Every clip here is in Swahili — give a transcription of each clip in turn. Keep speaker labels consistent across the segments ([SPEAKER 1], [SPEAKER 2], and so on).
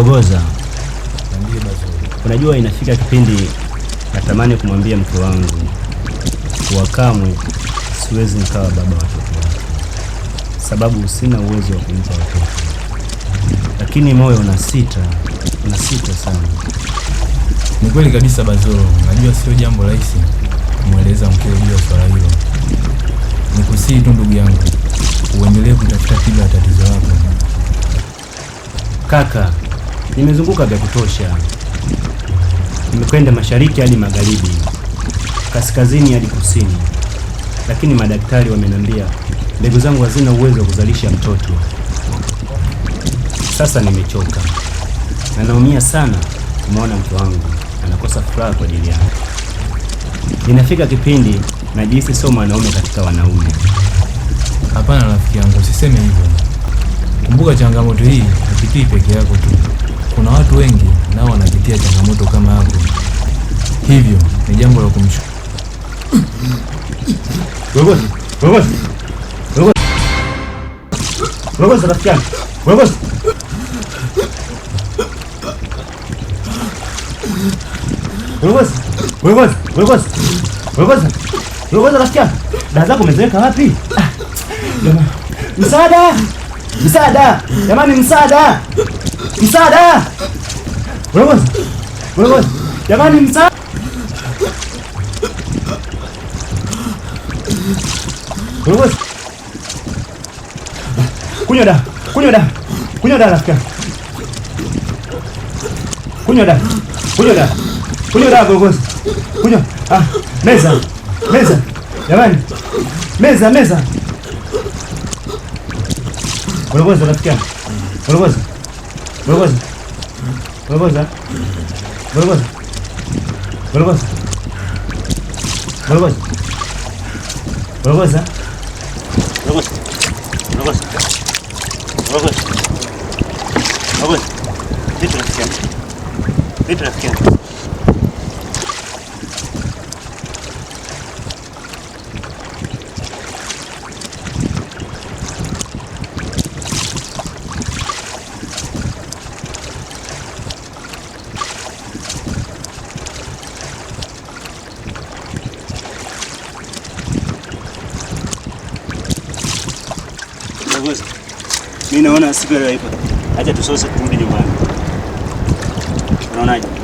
[SPEAKER 1] Boboza, unajua inafika kipindi natamani kumwambia mke wangu kuwa kamwe siwezi nikawa baba watoto wake, sababu sina uwezo wa kumpa watoto, lakini moyo unasita, sita sana.
[SPEAKER 2] Ni kweli kabisa Bazoro, najua sio jambo rahisi kumweleza mkeo juu ya swala hilo. Nikusihi tu ndugu yangu, uendelee kutafuta tiba ya tatizo lako.
[SPEAKER 1] Kaka, Nimezunguka vya kutosha, nimekwenda mashariki hadi magharibi, kaskazini hadi kusini, lakini madaktari wamenambia mbegu zangu hazina uwezo wa kuzalisha mtoto. Sasa nimechoka na naumia sana kumwona mtu wangu anakosa furaha kwa ajili yangu. Inafika kipindi najihisi sio mwanaume katika wanaume.
[SPEAKER 2] Hapana rafiki yangu, usiseme hivyo. Kumbuka changamoto hii hupitiki peke yako tu. Kuna watu wengi nao wanapitia changamoto kama yako, hivyo ni jambo la kumshukuru.
[SPEAKER 1] Rafiki yangu, dawa zako wapi? Ah, msaada, msaada! Jamani, msaada! 인싸다! 여러분! 여러분! 야간 인싸! 여러분! 고녀다! 고녀다! 고녀다 라스카! 고녀다! 고녀다! 고녀다 여러분! 고녀! 아! 메사! 메사! 야간! 메사 메사! 여러분! 라스카! 여러분! Вылазим. Вылазим. Вылазим. Вылазим. Вылазим. Вылазим. Вылазим. Вылазим. Вылазим. Вылазим. Ты трескин. Ты трескин. kiongozi, Mimi naona siku leo ipo. Acha tusose kurudi nyumbani. Unaonaje?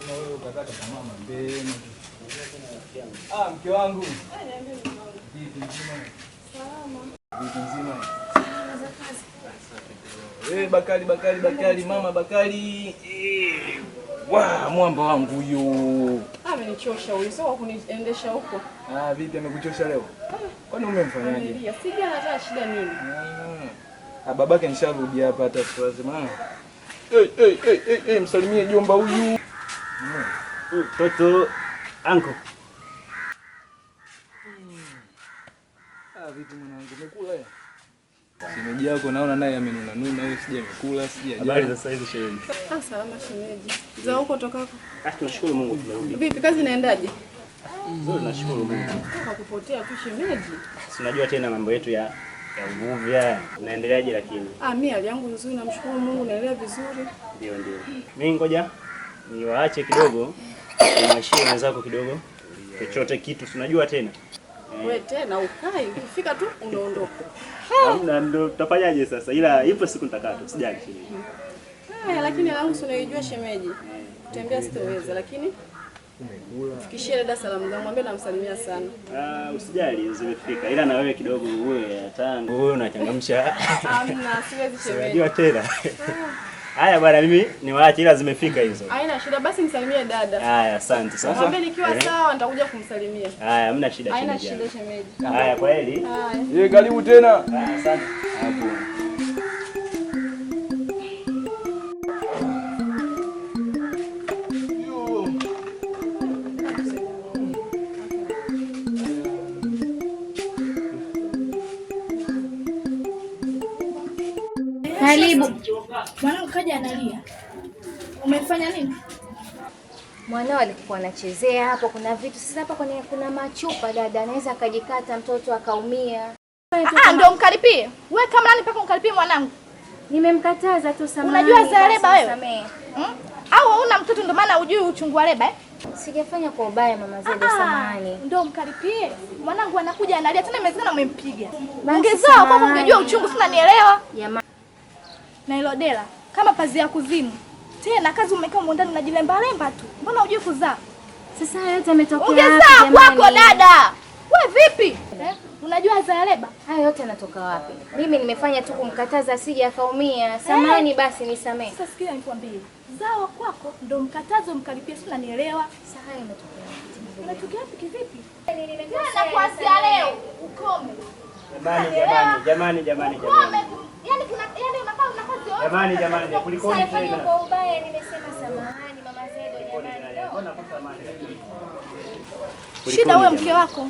[SPEAKER 1] Sema wewe utakata tamaa mapema. Ah, mke wangu. Vipi mzima? Salama. Vipi mzima? Eh, Bakari Bakari Bakari mama Bakari. Eh. Wa mwamba wangu huyo.
[SPEAKER 3] Amenichosha huyo. Sio kuniendesha huko.
[SPEAKER 1] Ah, vipi amekuchosha leo? Kwani umemfanyaje?
[SPEAKER 3] Sija hata shida nini?
[SPEAKER 1] Ah, babake nisharudi hapa hata siwazi maana. Eh, hey, hey, hey, hey, msalimie jomba huyu. Mtoto anko. Ah, vipi mwanangu, umekula Shemeji yako naona naye amenuna nuna, wewe sija amekula, sija jana.
[SPEAKER 4] Habari za sasa shemeji?
[SPEAKER 3] Ah, salama shemeji. Za huko tokako?
[SPEAKER 4] Ah, tunashukuru Mungu
[SPEAKER 3] Vipi kazi inaendaje?
[SPEAKER 4] Nzuri, nashukuru Mungu.
[SPEAKER 3] Ah, kupotea tu shemeji.
[SPEAKER 4] Unajua tena mambo yetu ya ya Unaendeleaje lakini? Ah,
[SPEAKER 3] mimi hali yangu nzuri, namshukuru Mungu, vizuri.
[SPEAKER 4] Ndio ndio. Mimi ngoja niwaache kidogo, mwashie wenzako kidogo, chochote kitu, tunajua tena
[SPEAKER 3] wewe tena ukai ukifika tu unaondoka.
[SPEAKER 4] Hamna, ndio tutafanyaje sasa, ila ipo siku nitakata, usijali shemeji.
[SPEAKER 3] Haya, lakini langu si unaijua shemeji, kutembea sitoweza, lakini fikishie dada salamu zangu, mwambie namsalimia sana.
[SPEAKER 4] Ah, usijali zimefika, ila na wewe kidogo uwe hata wewe unachangamsha.
[SPEAKER 3] Hamna, siwezi shemeji. Unajua
[SPEAKER 4] tena ah. Haya bwana, mimi niwaache, ila zimefika hizo. Haina
[SPEAKER 3] shida, basi msalimie dada. Haya, asante sasa. Mwambie nikiwa eh. sawa nitakuja kumsalimia. Haya,
[SPEAKER 4] hamna shida. Haina
[SPEAKER 3] shida shemeji.
[SPEAKER 4] Haya, kweli. Haya.
[SPEAKER 5] Yeye, karibu tena. Haya,
[SPEAKER 4] asante. Hapo.
[SPEAKER 6] Karibu mmoja analia. Umefanya nini? Mwanao alikuwa anachezea hapo, kuna vitu sasa. Hapa kwenye kuna machupa dada, anaweza akajikata mtoto akaumia.
[SPEAKER 7] Ah, Ndio mkaripie wewe, kama nani mpaka mkaripie mwanangu?
[SPEAKER 6] Nimemkataza tu samani. Unajua
[SPEAKER 7] za leba wewe? Hmm? Au una mtoto ndio maana hujui uchungu wa leba eh?
[SPEAKER 6] Sijafanya kwa ubaya mama Zede, ah, samani. Ndio
[SPEAKER 7] mkaripie mwanangu, anakuja analia tena, imezekana umempiga. Ongezao kwa ungejua uchungu, sina nielewa. Na Nailodela kama pazia ya kuzimu. Tena kazi umekaa huko ndani unajilemba lemba tu, mbona hujui kuzaa?
[SPEAKER 6] Sasa yote yametokea. Ungezaa
[SPEAKER 7] kwako dada, we vipi eh? Unajua zaleba haya
[SPEAKER 6] yote yanatoka wapi? Mimi nimefanya tu kumkataza asije akaumia. Samani eh, basi, nisamee. Sasa sikia
[SPEAKER 7] nikwambie, zao kwako ndo mkatazo mkalipia, si unanielewa? Sasa
[SPEAKER 6] imetokea wapi?
[SPEAKER 7] Unatokea wapi kivipi? na kuasia leo ukome.
[SPEAKER 4] Jamani, jamani, jamani, jamani,
[SPEAKER 7] jamani. Jamani,
[SPEAKER 4] jamani,
[SPEAKER 6] kulikoni tena? Kwa ubaya nimesema samahani mama Zedo, jamani.
[SPEAKER 7] Shida huyo mke wako.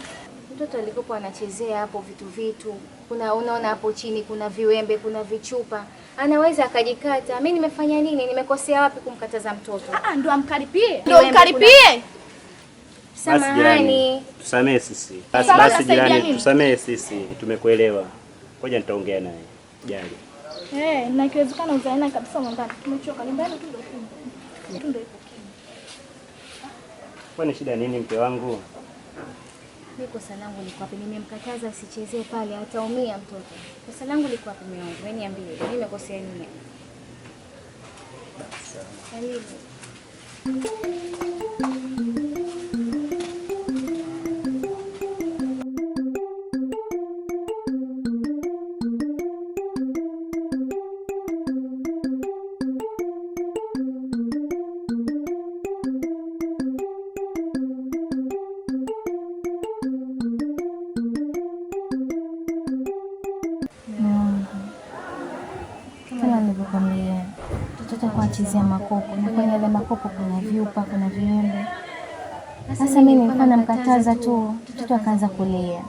[SPEAKER 6] Mtoto alikopo anachezea hapo vitu vitu. Kuna unaona hapo chini kuna viwembe, kuna vichupa. Anaweza akajikata. Mimi nimefanya nini? Nimekosea wapi kumkataza mtoto? Ah, ah
[SPEAKER 7] ndo amkaripie. Ndo amkaripie.
[SPEAKER 4] Samahani. Tusamee sisi. Basi basi jirani, tusamee sisi. Tumekuelewa. Ngoja nitaongea naye. Jali.
[SPEAKER 3] Eh, na ikiwezekana uzaena kabisa mwandani. Tumechoka nyumbani tu ndio kimya.
[SPEAKER 4] Kwani shida nini mke wangu?
[SPEAKER 6] Mimi kosa langu liko wapi? Nimemkataza asichezee pale, ataumia mtoto. Kosa langu liko wapi mimi wangu? Wewe niambie, mimi nimekosea nini? Sawa.
[SPEAKER 8] tutakuwa chezea makopo, na kwenye yale makopo kuna vyupa, kuna viembe. Sasa mimi nilikuwa namkataza tu, mtoto akaanza kulia.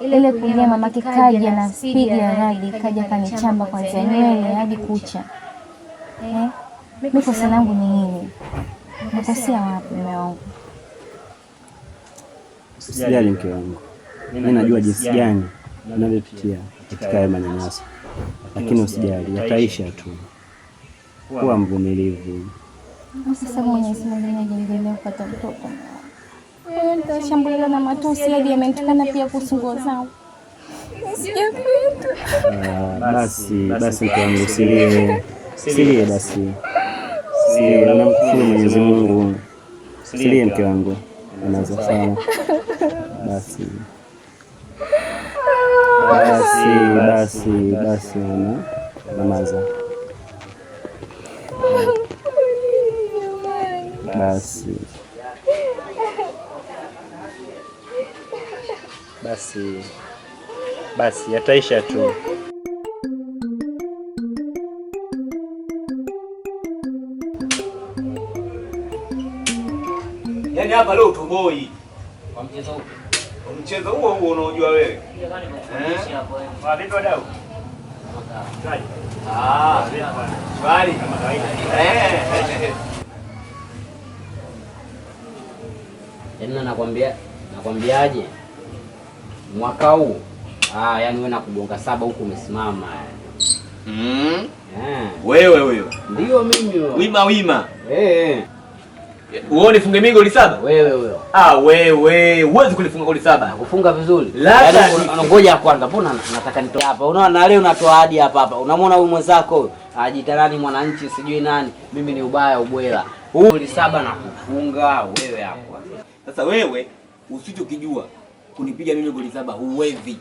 [SPEAKER 8] Ile kulia mamake kaja na spidi ya radi, kaja kanichamba kuanzia nywele hadi kucha. Eh, mimi kosa langu ni nini? Nakosea wapi mume wangu?
[SPEAKER 4] Usijali mke wangu, mimi najua jinsi gani unavyopitia katika haya manyanyaso, lakini usijali, yataisha tu kuwa mvumilivu.
[SPEAKER 8] Sasa Mwenyezi Mungu ajenijalia kupata mtoto, nitashambuliwa na matusi hadi yamenitukana pia kuhusu nguo zangu.
[SPEAKER 4] Basi basi, mke wangu usilie, usilie basi, namkufuru Mwenyezi Mungu, usilie mke wangu, unaweza sawa. Basi basi basi basi, ana mamaza Basi basi basi, yataisha tu.
[SPEAKER 9] Yaani hapa leo utoboi kwa mchezo huo, mchezo huo huo unaojua wewe eh? ah, wadau ah, kama kawaida. Eh. Eh.
[SPEAKER 10] tena yaani nakwambia, nakwambiaje mwaka huu ah, yani wewe nakugonga saba huko umesimama mm.
[SPEAKER 9] yeah. wewe huyo ndio
[SPEAKER 10] mimi wima wima hey. Eh.
[SPEAKER 9] Wewe unifunge mimi goli saba? Wewe
[SPEAKER 10] huyo. Ah
[SPEAKER 9] wewe, huwezi kunifunga goli saba. Nakufunga
[SPEAKER 10] vizuri. Labda yaani ngoja kwanza, mbona nataka nitoe hapa. Unaona na leo natoa hadi hapa hapa. Unamwona huyu mwenzako ajitarani mwananchi sijui nani. Mimi ni ubaya ubwela. Huyu goli saba nakufunga wewe hapa.
[SPEAKER 9] Sasa wewe usicho kijua kunipiga mimi goli saba huwezi.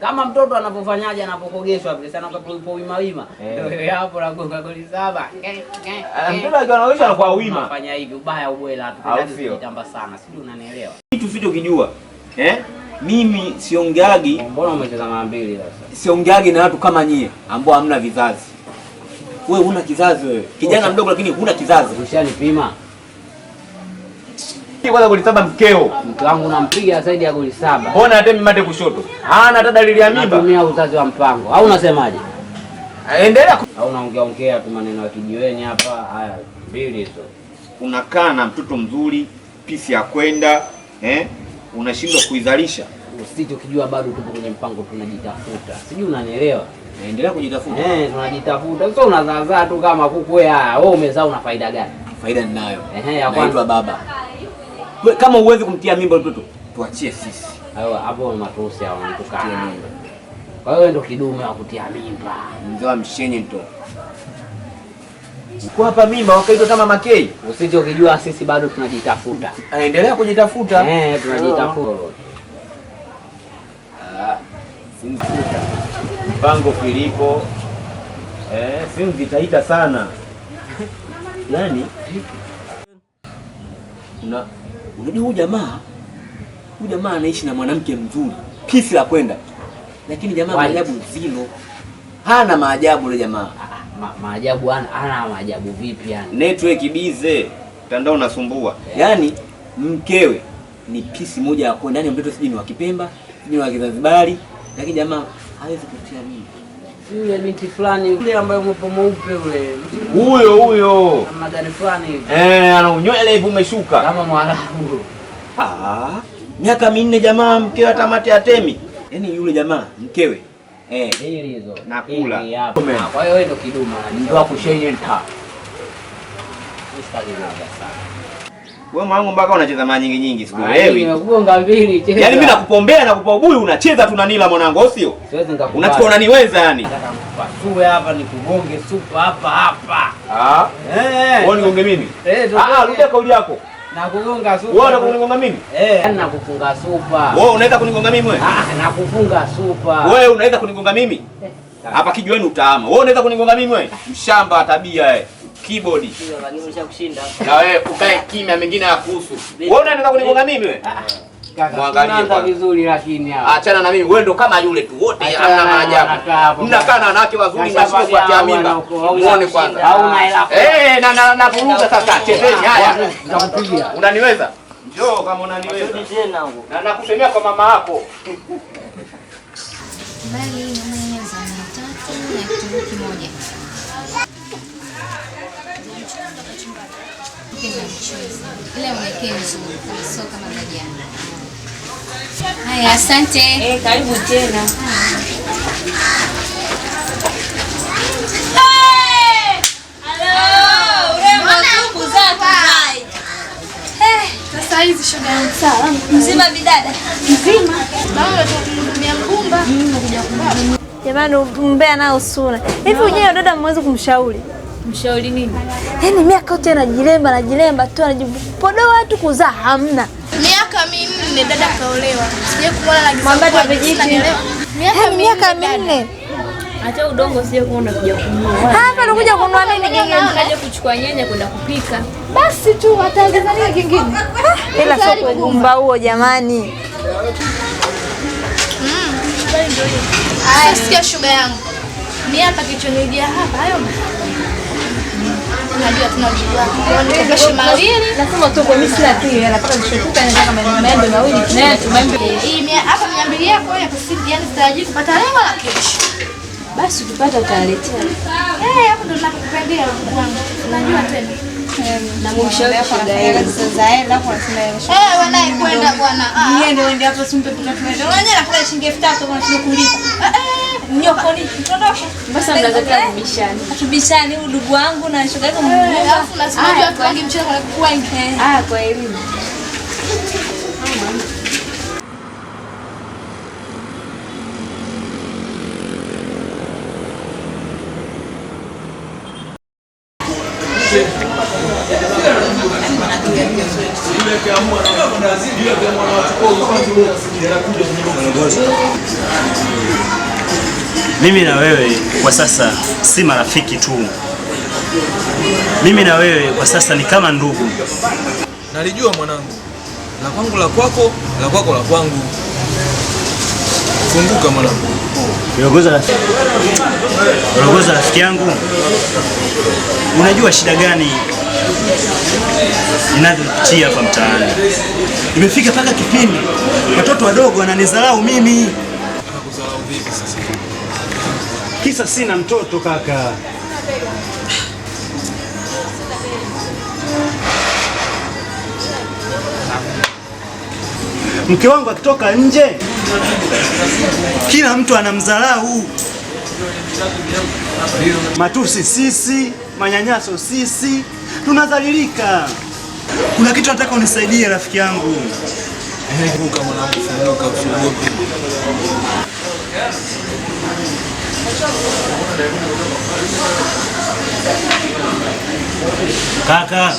[SPEAKER 9] Kama
[SPEAKER 10] mtoto anapofanyaje anapokogeshwa vile sana kwa kulipo wima wima. Eh. Ndio wewe hapo unagonga goli saba. Eh, eh,
[SPEAKER 9] ah, mtoto akiwa anaonyesha anakuwa wima. Anafanya hivi
[SPEAKER 10] ubaya ubwela tu kitamba sana. Sijui unanielewa. Kitu
[SPEAKER 9] sicho kijua. Eh? Mimi siongeagi. Mbona
[SPEAKER 10] umecheza mara mbili sasa?
[SPEAKER 9] Siongeagi na watu kama nyie ambao hamna vizazi. Wewe huna kizazi wewe. Kijana mdogo lakini huna kizazi.
[SPEAKER 10] Ushanipima.
[SPEAKER 9] Kwanza goli saba mkeo. Mke wangu
[SPEAKER 10] nampiga zaidi ya goli saba. Mbona atemi
[SPEAKER 9] mate kushoto? Hana hata dalili ya mimba. Natumia
[SPEAKER 10] uzazi wa mpango. Au unasemaje?
[SPEAKER 9] Endelea. Au unaongea
[SPEAKER 10] ongea tu maneno ya kijiweni hapa. Haya, mbili hizo.
[SPEAKER 9] Unakaa na mtoto mzuri, pisi ya kwenda, eh? Unashindwa kuizalisha.
[SPEAKER 10] Usije ukijua bado tupo kwenye mpango tunajitafuta. Sijui unanielewa.
[SPEAKER 9] Endelea kujitafuta. Eh,
[SPEAKER 10] tunajitafuta. Sasa unazazaa tu kama kuku wewe. Eh, wewe umezaa una faida gani? Faida
[SPEAKER 9] ninayo. Ehe, ya kwanza baba. Kama uwezi kumtia mimba mtoto tuachie sisi. Hayo
[SPEAKER 10] Hapo matusi hao mimba. Kwa hiyo ndio kidume wa kutia mimba. Mzee
[SPEAKER 9] mshenye mtoto. Kwa hapa mimba wakaitwa kama makei. Usije
[SPEAKER 10] ukijua sisi bado tunajitafuta. Aendelea
[SPEAKER 9] kujitafuta. Eh,
[SPEAKER 10] tunajitafuta. Ah,
[SPEAKER 9] simfuta. Mpango Filipo. Eh, simu vitaita sana. yani na Unajua huyu jamaa huyu jamaa anaishi na mwanamke mzuri pisi la kwenda, lakini jamaa maajabu zilo, hana maajabu yule jamaa. Ah, ah, ma,
[SPEAKER 10] maajabu ana maajabu vipi yani? Network
[SPEAKER 9] bize, mtandao unasumbua yeah. Yaani mkewe ni pisi moja ya kwenda, yani mtoto sijui ni wa Kipemba sijui ni wa Kizanzibari, lakini jamaa hawezi kutia mimi
[SPEAKER 11] yule binti fulani yule ambaye mwepo mweupe ule
[SPEAKER 9] Huyo huyo. Na magari
[SPEAKER 11] fulani hivi. Eh,
[SPEAKER 9] ana unywele hivi umeshuka. Kama
[SPEAKER 11] Mwarabu.
[SPEAKER 9] Ah, miaka minne jamaa mkewe atamati atemi. Yaani yule jamaa mkewe. Eh,
[SPEAKER 10] hili hizo. Nakula. Ah, kwa hiyo wewe ndo kiduma. Ndio
[SPEAKER 9] akushenye nta. Mstari sana. Wewe mwanangu mpaka unacheza mara nyingi nyingi siku hiyo. wewe. mbili cheza. Yaani mimi nakupombea na kupa ubuyu unacheza tu nanila mwanangu, au sio? Siwezi nikakupa. Unachukua unaniweza yani.
[SPEAKER 10] Tuwe hapa nikugonge supa hapa hapa. Ah.
[SPEAKER 9] Eh. eh. Wewe nigonge mimi? Eh, ah, ah, rudia kauli yako.
[SPEAKER 10] Nakugonga supa. Wewe unakunigonga
[SPEAKER 9] mimi? Eh. Yaani
[SPEAKER 10] nakufunga supa. Wewe unaweza
[SPEAKER 9] kunigonga mimi wewe? Ah,
[SPEAKER 10] nakufunga supa. Wewe
[SPEAKER 9] unaweza kunigonga mimi? Eh. Hapa kijiweni utaama. Wewe unaweza kunigonga mimi wewe? Ah. Mshamba tabia wewe. Eh keyboard. Na wewe ukae kimya, mengine hayakuhusu. Wewe unataka kunigonga mimi wewe? Ah, ah. vizuri lakini hapo. Achana na mimi, wewe ndo kama yule tu, wote hamna maajabu. Mnakaa na wanawake wazuri na sio kwa mimba. Muone kwanza. Hauna hela. Eh, na na na vuruga sasa, chezeni haya. Nitakupigia. Unaniweza? Njoo kama unaniweza. Na nakusemea kwa mama yako. Mimi napenda mchuzi, ila uwekee
[SPEAKER 12] mzuri sio kama majani. Haya, asante. Eh, karibu tena. Mzima bidada. Mzima.
[SPEAKER 13] Jamani, umbea nao sura hivi wenyewe dada, mwezi kumshauri mshauri nini? Yaani miaka yote anajilemba anajilemba tu anajipodoa tu kuzaa hamna. Miaka
[SPEAKER 12] minne dada kaolewa. Sije kuona na mambo ya
[SPEAKER 13] vijiti. Miaka yaani minne. miaka minne.
[SPEAKER 14] Acha udongo sije kuona kuja kununua. Hapa nakuja
[SPEAKER 13] yaani kununua nini kingine? Nakuja kuchukua
[SPEAKER 14] nyanya kwenda kupika. Basi
[SPEAKER 13] tu wataanza nini kingine? Ah, Ila sio kumba huo jamani.
[SPEAKER 12] Mm. Sasa sikia shuga yangu. Ni hapa kichonidia hapa hayo tunajua tuna wajibu wako mawili, nasema tu
[SPEAKER 13] kwa mimi sina pili hela paka nishukuka nenda kama ni maembe mawili tunaye tumaembe hii
[SPEAKER 12] mia hapa mia mbili yako ya kusidi, yani tutarajii kupata lengo la kesho.
[SPEAKER 13] Basi ukipata utaletea.
[SPEAKER 12] Eh, hapo ndo nakupendia ndugu wangu, unajua tena
[SPEAKER 13] namushauri eh,
[SPEAKER 12] kwenda bwana, ah, ah. niende
[SPEAKER 13] wende hapo, simpe pita tuende, unajua nakula shilingi elfu tatu kwa kulipa eh, eh, Nyokoni kitoroka. Mbasa mnatokea kubishani. Kubishani huyu ndugu wangu na shoga yako eh, mmoja. Alafu
[SPEAKER 12] lazima watu wangi mchezo kwa kuwa eh. Ah, kwa elimu.
[SPEAKER 1] Mimi na wewe kwa sasa si marafiki tu, mimi na wewe kwa sasa ni kama ndugu. Nalijua mwanangu, la kwangu la kwako, la kwako la kwangu. Funguka mwanangu. Unaongoza rafiki yangu, unajua shida gani ninavyopitia hapa mtaani? Imefika mpaka kipindi watoto wadogo wananizarau mimi. vipi sasa? Kisa sina mtoto kaka. Mke wangu akitoka nje kila mtu anamdharau, matusi sisi, manyanyaso sisi, tunadhalilika. Kuna kitu nataka unisaidie rafiki yangu. Kaka,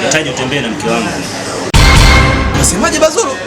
[SPEAKER 1] nahitaji utembee na mke wangu. Nasemaje Bazuru?